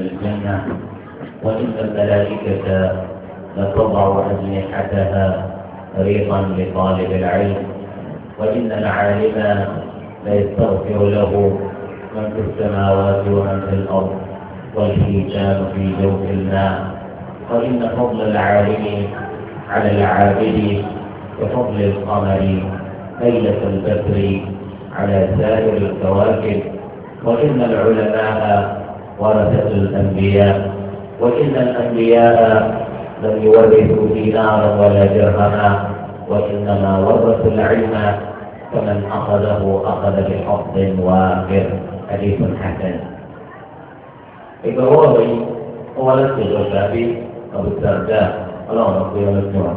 إلى الجنة وإن الملائكة لتضع أجنحتها طريقا لطالب العلم وإن العالم ليستغفر له من في السماوات ومن في الأرض والحيتان في جوف الماء وإن فضل العالم على العابد كفضل القمر ليلة البدر على سائر الكواكب وإن العلماء ورثة الأنبياء وإن الأنبياء لم يورثوا دينارا ولا درهما وإنما ورثوا العلم فمن أخذه أخذ بحفظ وافر حديث حسن إبراهيم هو لست الشافعي أبو الدرداء اللهم صل على محمد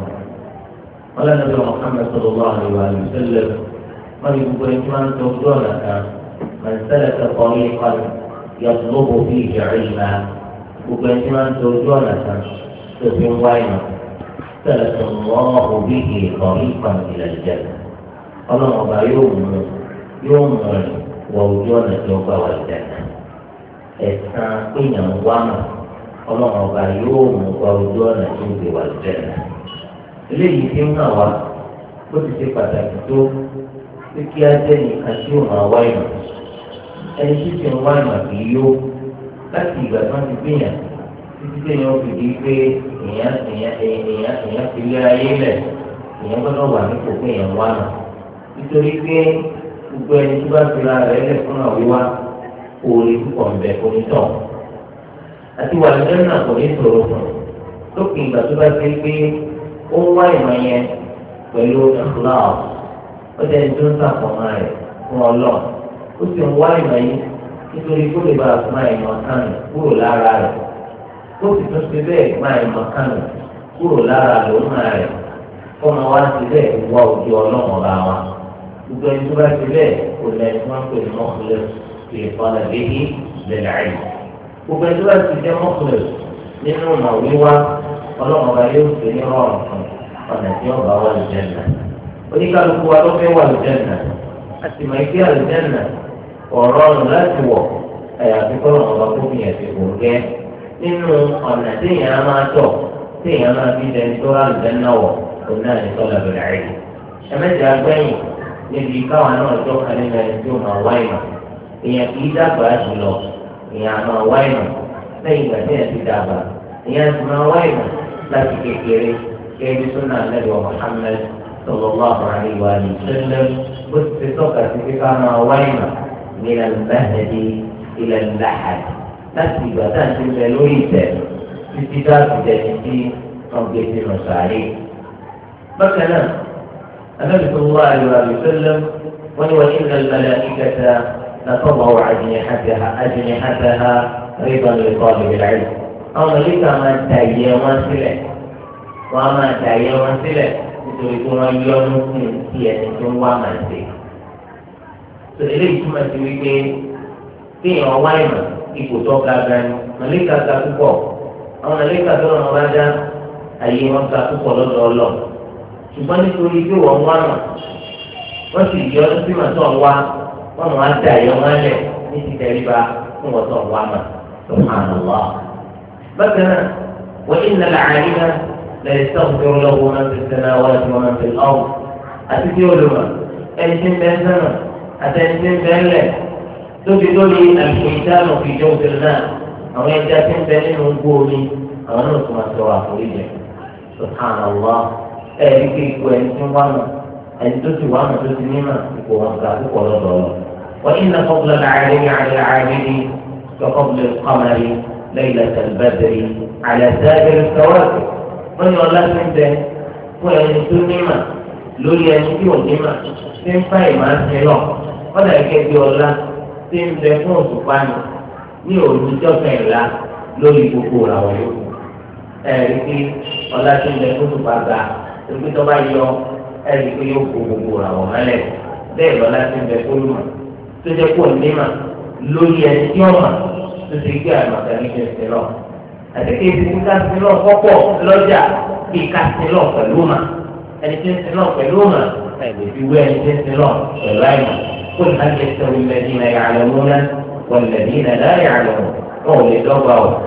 قال النبي محمد صلى الله عليه وسلم من يكون من دونك من سلك طريقا yọtúlóbù bí ìjọba ìgbà gbogbo ẹni máa ń dojú ọ̀nà kan tó fi ń wá ìmọ̀ tẹ̀lé tó ń wọ́ òbí ìkọ̀ ìkọ̀ ìlẹ̀ jẹ́ ọlọ́run ọba yóò mú yóò mú rẹ̀ wọ ojú ọ̀nà tó gbà wà jẹ́ ẹ̀sán péyàn wá mọ̀ ọlọ́run ọba yóò mú wọ ojú ọ̀nà tó gbà wà jẹ́ eléyìí ti ń hàn wá bó ti ṣe pàtàkì tó pé kí á jẹ́ nìkan tí ó máa ìmọ̀ ẹni tí ti ń wá ìmọ̀ kì í yó láti ìgbà tí wọ́n ti gbìyàn títí téèyàn fi di pé èèyàn èèyàn èèyàn èèyàn fi lé ayé lẹ̀ èèyàn gbọ́dọ̀ wà nípò pé èèyàn wá nà nítorí pé gbogbo ẹni tó bá fi ra rẹ̀ lẹ̀ fún àwọn wíwá orí púpọ̀ ń bẹ onítọ̀ àti wà ní jẹ́nà kò ní sọ̀rọ̀ fún lópin ìgbà tó bá ti pé ó wá ìmọ̀ yẹn pẹ̀lú ẹ̀fúláwọ̀ ó jẹ́ ẹni tó ń sàkómọ́ rẹ̀ fún ọlọ́run ó sì ń wá ìmọ̀ yìí nítorí kó lè bàa fún àìmọ̀ kan kúrò lára rẹ̀ ó sì tún ṣe bẹ́ẹ̀ fún àìmọ̀ kan kúrò lára lòmùnà rẹ̀ kọ́mọ wá sí bẹ́ẹ̀ wá òjò ọlọ́mọ bá wa gbogbo ẹni tó bá ti bẹ́ẹ̀ kò lẹ́yìn tí wọ́n pè ní mọ́kúlẹ̀ kì í fọlẹ̀ léyìí gbogbo ẹni tó bá ti jẹ́ mọ́kúlẹ̀ nínú ọ̀nà wíwá ọlọ́mọ bá yóò ọ̀rọ̀ láti wọ̀ àyàfi kọ́ ọ̀rọ̀ ọba tó fìyàn fi wò gẹ́ nínú ọ̀nà téèyàn á máa tọ̀ téèyàn máa fi dẹni tó rà lùdẹ́ náà wọ̀ òun náà ní sọ́lá bẹ̀rẹ̀ àìyí. ẹ̀mẹ́jẹ̀ agbẹ́yìn níbi káwọn náà tó kan nínú ẹni tó máa wá ìmọ̀ èèyàn kì í dàgbà jùlọ èèyàn máa wá ìmọ̀ lẹ́yìn ìgbà téèyàn ti dàgbà èèyàn ti máa wá ìmọ̀ láti kékeré kéèké súnà lẹ́dọ̀ Muhammad sallallahu alaihi wa sallam bó ti ti tọ́ka sí pé ká máa wá ìmọ̀ من المهد إلى اللحد تكتب بسات الملوي في كتاب جديدي قبل المساعي فكنا أمرت الله عليه وسلم ولو وإن الملائكة لتضع أجنحتها أجنحتها رضا لطالب العلم أما لك ما تأيي وانسلة وما تأيي وانسلة تريدون أن يكون في أنتم وانسلة tó eléyìí túmọ̀ sí wípé téèyàn wá ìmọ̀ ipò tó ga ga ni màlíkà ga púpọ̀ àwọn màlíkà tó lọ́nà bá dá àyè wọn ga púpọ̀ lọ́dọ̀ ọlọ ṣùgbọ́n nítorí pé wọ́n wá mọ̀ wọ́n sì yọ ọdún sí màtọ́ wá wọ́n mọ̀ á dà yọ wọn lẹ̀ ní ti tẹríba fún wọn tó wá mọ̀ tó hàn wá. bákan náà wọ́n ìnà làárín náà lẹ́yìn sọ́ọ̀tún tó lọ́wọ́ náà ti sẹ́nà wọ́n ti wọ́n ti lọ́wọ́ àtẹnudí bẹ́ẹ̀lẹ̀ tóbi lórí àlùfẹ́sánù fìdí òfin náà àwọn ẹja tí ń bẹ nínú gbó omi àwọn náà tó máa sọ àforíjì subhanallah ẹ̀rí kí ipò ẹni tí wọ́n mọ̀ ẹni tó ti wà mọ̀ tó ti nímọ̀ ipò wọn kà púpọ̀ lọ́dọ̀ lọ. wọ́n yín náà fọ́bùlọ̀ láàrin àárín àárín ní lọ́kọ́bùlọ̀ kọ́mẹ́rì lẹ́yìn àtàlùbẹ́dẹ́rì àlẹ́ àtàlùbẹ́dẹ́rì sọ́wọ́ọ̀tì wọ́n yọ ọlá lórí ẹni tí òní mà ṣe ń fáyì máa ń sin lọ kọ́dà gẹ́gẹ́ bí ọlá ṣe ń bẹ fún òṣùpá ni ní òní jọ́kàn ìlà lórí gbogbo àwọn yòókù ẹ̀rí pé ọlá ṣe ń bẹ fún òṣùpá gbà ẹ̀rí tó bá yọ ẹ̀rí pé yóò kó gbogbo àwọn mọ́lẹ̀ bẹ́ẹ̀ lọ́lá ṣe ń bẹ fún òmà tó jẹ́ kó ní mà lórí ẹni tí ọmà tó ti gbé àmàkà ní ń sin lọ àti kí ká sin lọ الاثنين سلام كلهما في الاثنين سلام كلهما قل هل يستوي الذين يعلمون والذين لا يعلمون قول الله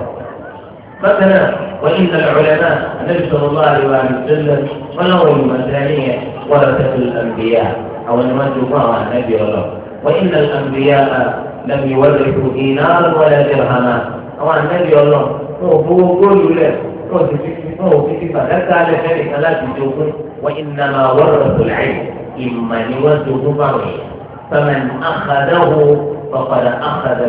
مثلا وإن العلماء صلى الله عليه وسلم ونرى المثالية ورثة الأنبياء أو نمد الله نبي الله وإن الأنبياء لم يورثوا دينار ولا درهما أو نبي الله هو كل له náà ti fi náà ò fi fi bàdákà lẹ fẹ́ nìkan láti jogún wọ́n iná máa wọ́rọ̀ tó láì ìmọ̀ ni wọ́n jogún báwọn yẹn fẹ́mi àkàdáwò ọ̀padà àkàdá